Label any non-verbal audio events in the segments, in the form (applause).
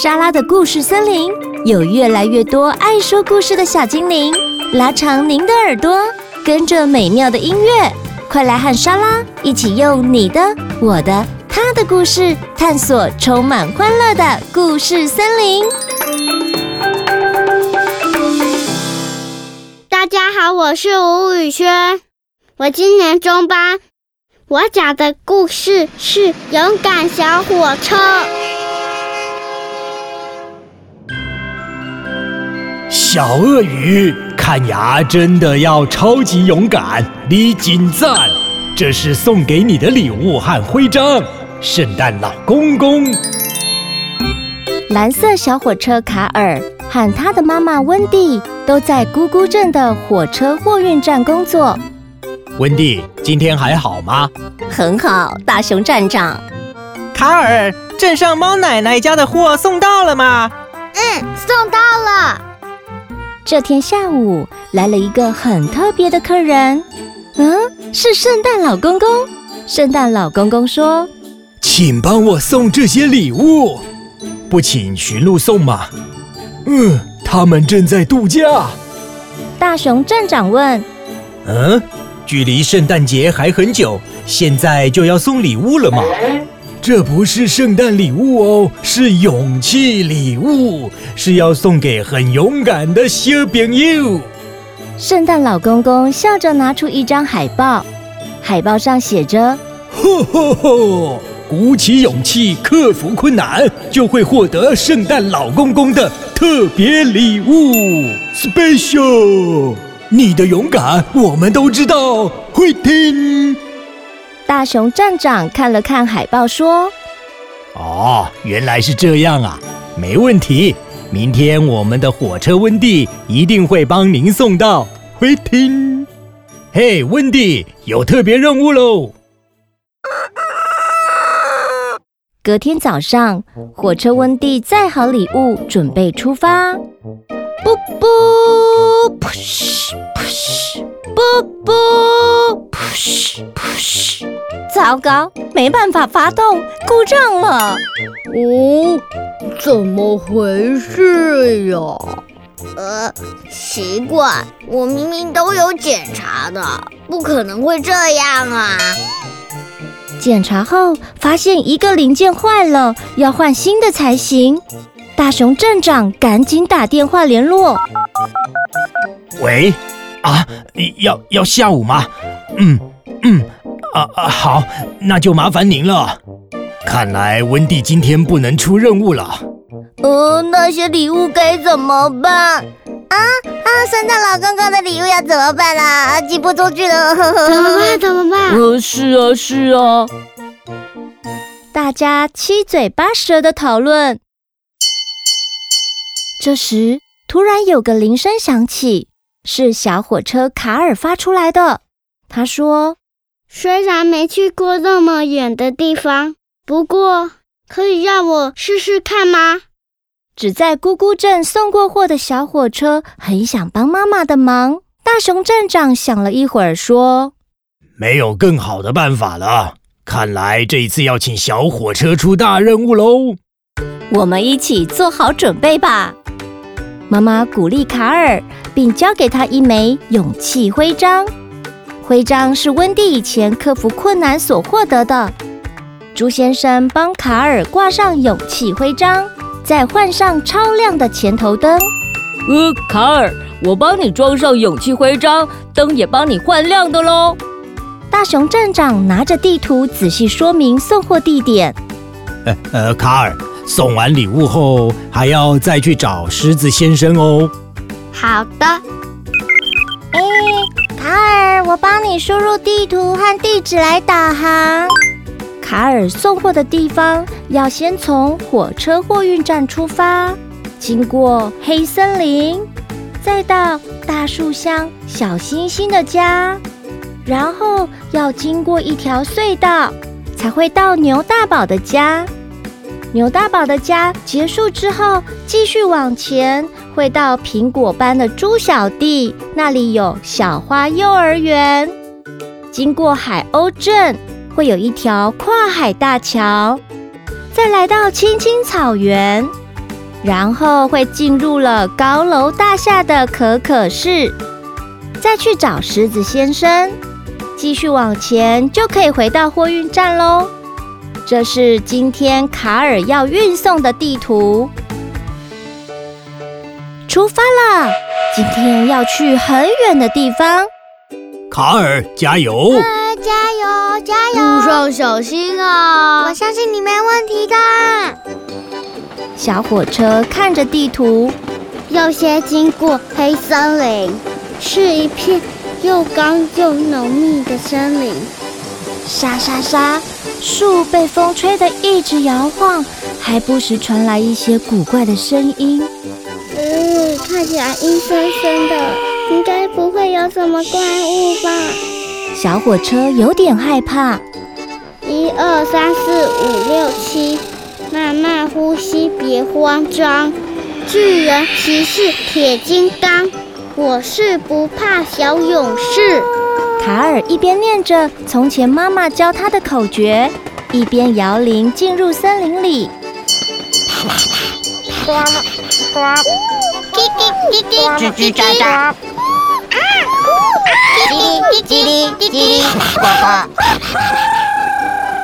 沙拉的故事森林有越來越多愛說故事的小精靈，拉長您的耳朵，跟着美妙的音樂，快來和沙拉一起用你的、我的、他的故事，探索充滿歡樂的故事森林。大家好，我是吳禹萱，我今年中班，我講的故事是勇敢小火車。小鱷魚看牙真的要超級勇敢，你錦贊，這是送給你的禮物和徽章。聖誕老公公。藍色小火車卡爾和他的媽媽溫蒂都在姑姑鎮的火車貨運站工作。溫蒂，今天還好嗎？很好，大熊站長。卡爾，鎮上貓奶奶家的貨送到了嗎？嗯，送到了。這天下午來了一個很特別的客人，嗯，是聖誕老公公。聖誕老公公說：“請幫我送這些禮物，不請馴鹿送嗎？”嗯，他們正在度假。大熊站長問：“嗯、啊，距離聖誕節還很久，現在就要送禮物了嗎？”這不是聖誕禮物哦，是勇氣禮物，是要送給很勇敢的小朋友。聖誕老公公笑着拿出一張海報，海報上寫着：“吼吼吼！鼓起勇氣，克服困難，就會獲得聖誕老公公的特別禮物。Special，你的勇敢我們都知道，會聽。”大熊站長看了看海報說：“哦，原來是這樣啊，沒問題。明天我們的火車溫蒂一定會幫您送到。回聽。嘿，溫蒂，有特別任務嘍！”隔天早上，火車溫蒂載好禮物，準備出發。噗噗，撲哧撲哧，噗噗，撲哧撲哧。糟糕，沒辦法發動，故障了。哦，怎麼回事呀？呃，奇怪，我明明都有檢查的，不可能會這樣啊！檢查後發現一個零件壞了，要換新的才行。大熊站長趕緊打電話聯絡。喂，啊，要要下午嗎？嗯嗯，啊啊，好，那就麻煩您了。看來溫蒂今天不能出任務了。哦、呃，那些禮物該怎麼辦？啊啊，聖誕老公公的禮物要怎麼辦啦、啊？寄不出去了， (laughs) 怎麼辦？怎麼辦？呃、哦，是啊，是啊。大家七嘴八舌的討論。這時，突然有個鈴聲響起，是小火車卡爾發出來的。他說：“雖然沒去過那麼遠的地方，不過可以讓我試試看嗎？”只在姑姑鎮送過貨的小火車很想幫媽媽的忙。大熊站長想了一會兒，說：“沒有更好的辦法了，看來這一次要請小火車出大任務嘍。我們一起做好準備吧。”媽媽鼓勵卡爾，並交給他一枚勇氣徽章。徽章是溫蒂以前克服困難所獲得的。朱先生幫卡爾掛上勇氣徽章，再換上超亮的前頭燈。呃，卡爾，我幫你裝上勇氣徽章，燈也幫你換亮的嘍。大熊站長拿着地圖仔細說明送貨地點。呃呃，卡爾。送完禮物後，還要再去找獅子先生哦。好的。哎，卡爾，我幫你輸入地圖和地址來導航。卡爾送貨的地方要先從火車貨運站出發，經過黑森林，再到大樹鄉小星星的家，然後要經過一條隧道，才會到牛大寶的家。牛大寶的家結束之後，繼續往前會到蘋果班的豬小弟，那裡有小花幼兒園。經過海鷗鎮，會有一條跨海大橋，再來到青青草原，然後會進入了高樓大廈的可可市，再去找獅子先生，繼續往前就可以回到貨運站嘍。這是今天卡爾要運送的地圖，出發了！今天要去很遠的地方，卡爾加油！呃、加油加油！路上小心啊！我相信你沒問題的。小火車看着地圖，要先經過黑森林，是一片又高又濃密的森林。沙沙沙，樹被風吹得一直搖晃，還不時傳來一些古怪的聲音。嗯，看起來陰森森的，應該不會有什麼怪物吧？小火車有點害怕。一二三四五六七，慢慢呼吸，別慌張。巨人騎士鐵金剛，我是不怕小勇士。卡爾一邊念着從前媽媽教他的口訣，一邊搖鈴進入森林裡。啊，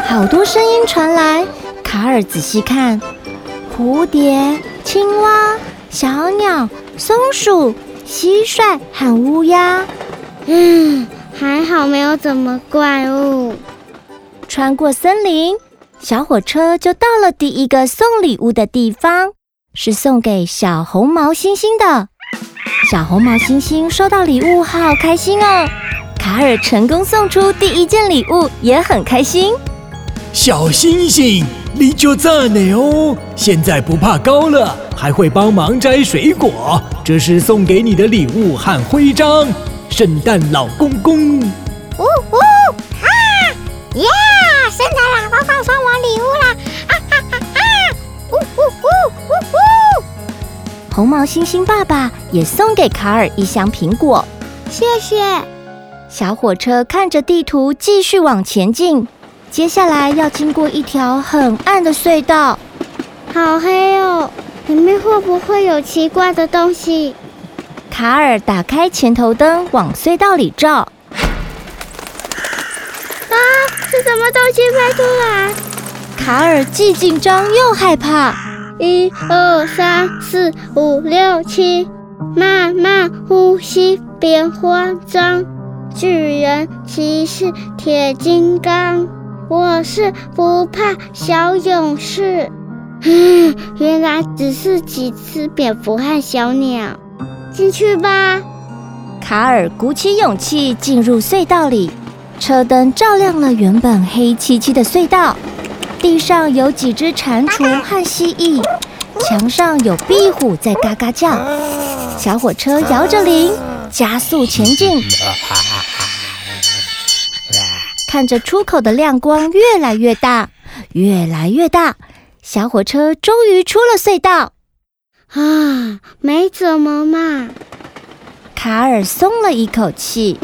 好多聲音傳來。卡爾仔細看，蝴蝶、青蛙、小鳥、松鼠、蟋蟀、蟋蟀和烏鴉。嗯。還好沒有怎麼怪物。穿過森林，小火車就到了第一個送禮物的地方，是送給小紅毛猩猩的。小紅毛猩猩收到禮物，好開心哦！卡爾成功送出第一件禮物，也很開心。小猩猩，你就讚哪哦！現在不怕高了，還會幫忙摘水果。這是送給你的禮物和徽章。聖誕老公公，嗚嗚啊耶！聖誕老公公送我禮物啦！啊哈哈啊！嗚嗚嗚嗚嗚！紅毛猩猩爸爸也送給卡爾一箱蘋果，謝謝。小火車看着地圖繼續往前進，接下來要經過一條很暗的隧道。好黑哦，裡面會不會有奇怪的東西？卡爾打開前頭燈，往隧道裡照。啊！是什麼東西飛出來？卡爾既緊張又害怕。一二三四五六七，慢慢呼吸，別慌張。巨人、騎士、鐵金剛，我是不怕小勇士。嗯，原來只是幾隻蝙蝠和小鳥。進去吧，卡爾鼓起勇氣進入隧道裡，車燈照亮了原本黑漆漆的隧道。地上有幾隻蟾蜍和蜥蜴，牆上有壁虎在嘎嘎叫。小火車搖着鈴，加速前進，看着出口的亮光越來越大，越來越大，小火車終於出了隧道。啊，沒怎麼嘛。卡爾鬆了一口氣，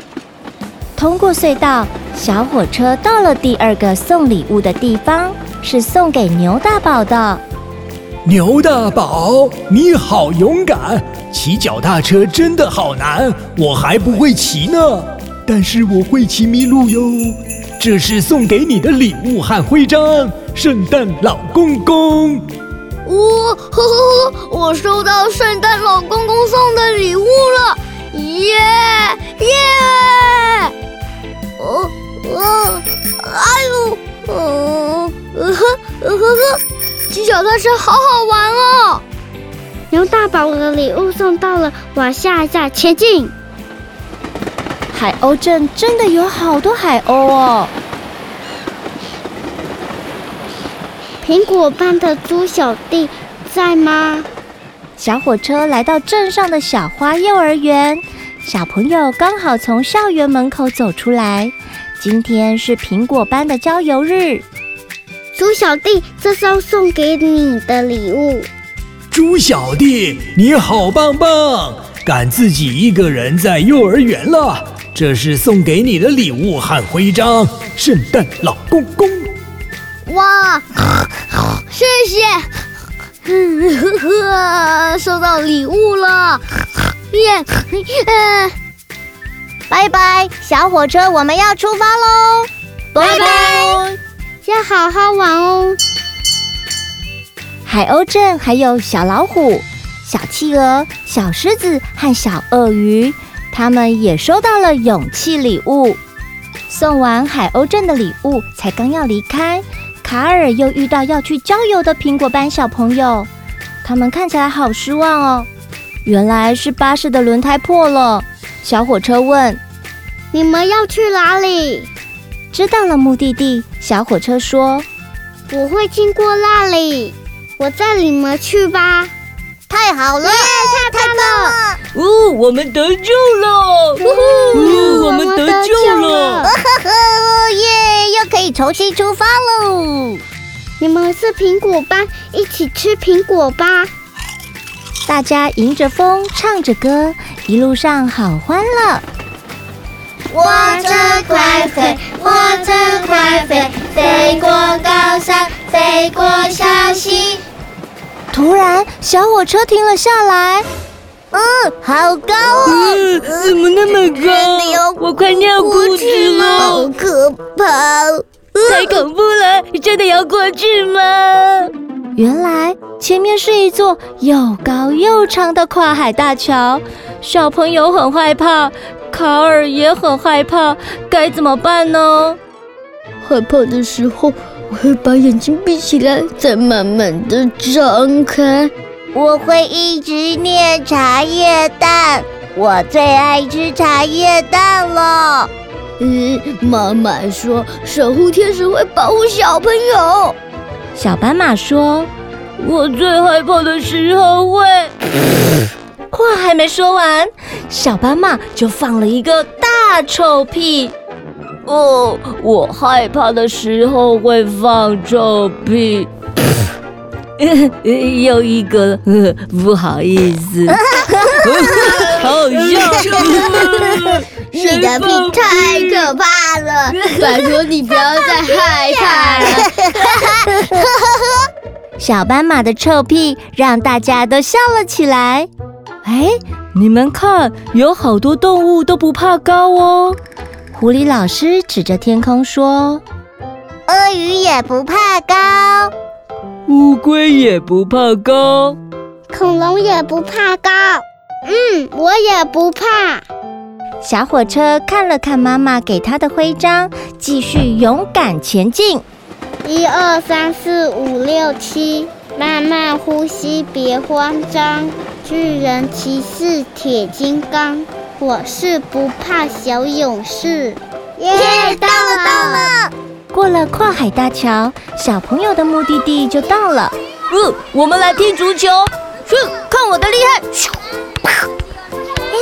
通過隧道，小火車到了第二個送禮物的地方，是送給牛大寶的。牛大寶，你好勇敢！騎腳踏車真的好難，我還不會騎呢。但是我會騎麋鹿喲。這是送給你的禮物和徽章，聖誕老公公。嗚、哦、呵呵呵。我收到聖誕老公公送的禮物了，耶耶！哦哦，哎呦，哦呵呵呵呵呵，騎腳踏車好好玩哦。牛大寶的禮物送到了，往下一站前進。海鷗鎮真的有好多海鷗哦。蘋果班的豬小弟在嗎？小火車來到鎮上的小花幼兒園，小朋友剛好從校園門口走出來。今天是蘋果班的郊遊日，豬小弟，這是要送給你的禮物。豬小弟，你好棒棒，敢自己一個人在幼兒園了。這是送給你的禮物和徽章，聖誕老公公。哇，謝謝。嗯，呵呵，收到禮物了，耶！拜拜，小火車，我們要出發嘍！拜拜，要好好玩哦。海鷗鎮還有小老虎、小企鵝、小獅子和小鱷魚，他們也收到了勇氣禮物。送完海鷗鎮的禮物，才剛要離開。卡爾又遇到要去郊遊的蘋果班小朋友，他們看起來好失望哦。原來是巴士的輪胎破了。小火車問：“你們要去哪裡？”知道了目的地，小火車說：“我會經過那裡，我載你們去吧。”太好了，太棒了，了！哦，我們得救了！嗚嗚，我們得救了！哦又可以重新出發嘍！你們是蘋果班，一起吃蘋果吧！大家迎着風，唱着歌，一路上好歡樂。火車快飛，火車快飛，飛過高山，飛過小溪。突然，小火車停了下來。嗯，好高啊、哦嗯。怎麼那麼高？嗯、我快尿褲子了，好可怕、嗯！太恐怖了！你真的要過去嗎？原來前面是一座又高又長的跨海大橋，小朋友很害怕，卡爾也很害怕，該怎麼辦呢？害怕的時候，我會把眼睛閉起來，再慢慢的張開。我會一直念茶葉蛋，我最愛吃茶葉蛋了。嗯，媽媽說守護天使會保護小朋友。小斑馬說，我最害怕的時候會……話還沒說完，小斑馬就放了一個大臭屁。哦，我害怕的時候會放臭屁。 (laughs) 又一個了，呵呵，不好意思，好笑！你的屁太可怕了，拜 (laughs) 托你不要再害怕了。 (laughs) 小斑馬的臭屁讓大家都笑了起來。哎，你們看，有好多動物都不怕高哦。狐狸老師指着天空說：“鱷魚也不怕高。”烏龜也不怕高，恐龍也不怕高，嗯，我也不怕。小火車看了看媽媽給他的徽章，繼續勇敢前進。一二三四五六七，慢慢呼吸，別慌張。巨人騎士鐵金剛，我是不怕小勇士。耶，到了，到了。到了過了跨海大橋，小朋友的目的地就到了。嗯、呃，我們來踢足球。哼、呃，看我的厲害！哎，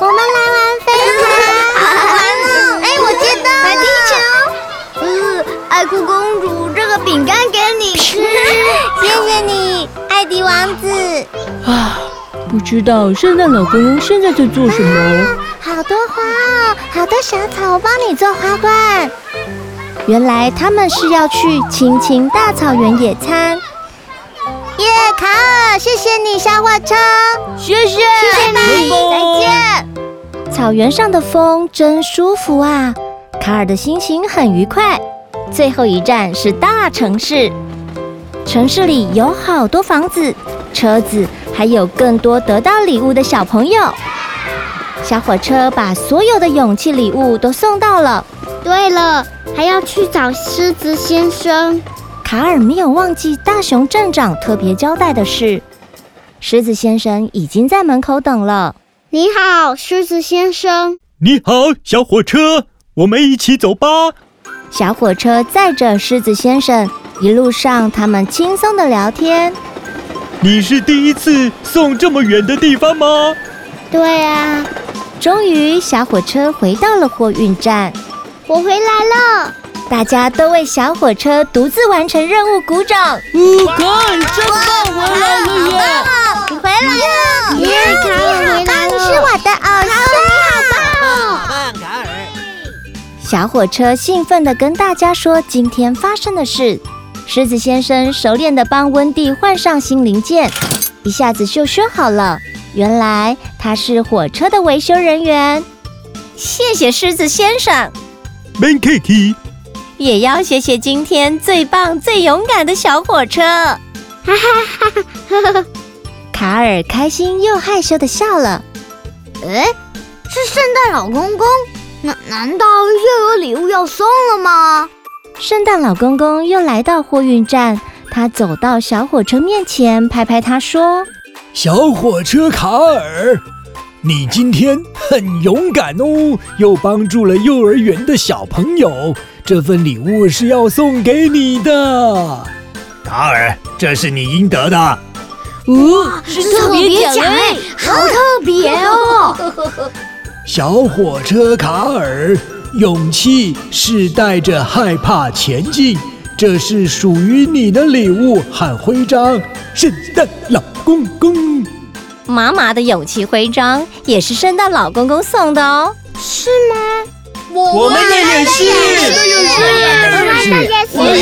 我們來玩飛盤。王哎、哦、哎，我接到了。來踢球。嗯，愛哭公主，這個餅乾給你吃、呃。謝謝你，艾迪王子。啊，不知道聖誕老公公現在在做什麼。好多花哦，好多小草，我幫你做花冠。原來他們是要去青青大草原野餐。耶，卡爾，謝謝你，小火車。謝謝，謝謝你，再見，再見。草原上的風真舒服啊，卡爾的心情很愉快。最後一站是大城市，城市裡有好多房子、車子，還有更多得到禮物的小朋友。小火車把所有的勇氣禮物都送到了。對了。還要去找獅子先生。卡爾沒有忘記大熊鎮長特別交代的事。獅子先生已經在門口等了。你好，獅子先生。你好，小火車。我們一起走吧。小火車載着獅子先生，一路上他們輕鬆地聊天。你是第一次送這麼遠的地方嗎？對呀、啊。終於，小火車回到了貨運站。我回來了，大家都為小火車獨自完成任務鼓掌。曼卡爾，真棒！回來耶，了你回來了，你，你，你，你，你回來你是我的偶像。好你好棒，好棒，好棒卡爾，小火車興奮的跟大家說今天發生的事。獅子先生熟練的幫溫蒂換上新零件，一下子就修好了。原來他是火車的維修人員。謝謝獅子先生。Ben Kitty，也要謝謝今天最棒、最勇敢的小火車。哈哈哈哈哈！卡爾開心又害羞的笑了。哎，是聖誕老公公，難難道又有禮物要送了嗎？聖誕老公公又來到貨運站，他走到小火車面前，拍拍他說：“小火車卡爾。”你今天很勇敢哦，又幫助了幼兒園的小朋友，這份禮物是要送給你的，卡爾，這是你應得的。哦、哇，是特，特別獎、啊、好特別哦！小火車卡爾，勇氣是帶着害怕前進，這是屬於你的禮物，和徽章，聖誕老公公。麻麻的勇氣徽章也是聖誕老公公送的哦，是嗎？我們的演戲，我們也是的演戲，我們演的演我們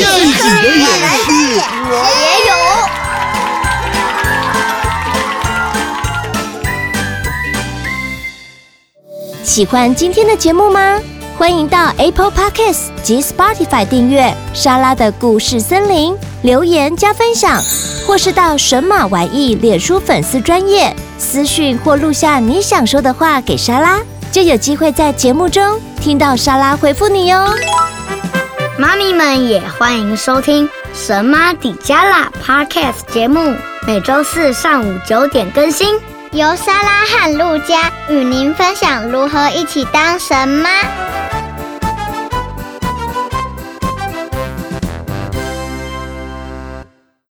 的演也有、啊。喜歡今天的節目嗎？歡迎到 Apple Podcast 及 Spotify 訂閱《莎拉的故事森林》，留言加分享。或是到神馬玩意臉書粉絲專頁私訊，或錄下你想說的話給莎拉，就有機會在節目中聽到莎拉回復你喲。媽咪們也歡迎收聽《神媽底加拉》Podcast 節目，每周四上午九點更新，由莎拉和陸家與您分享如何一起當神媽。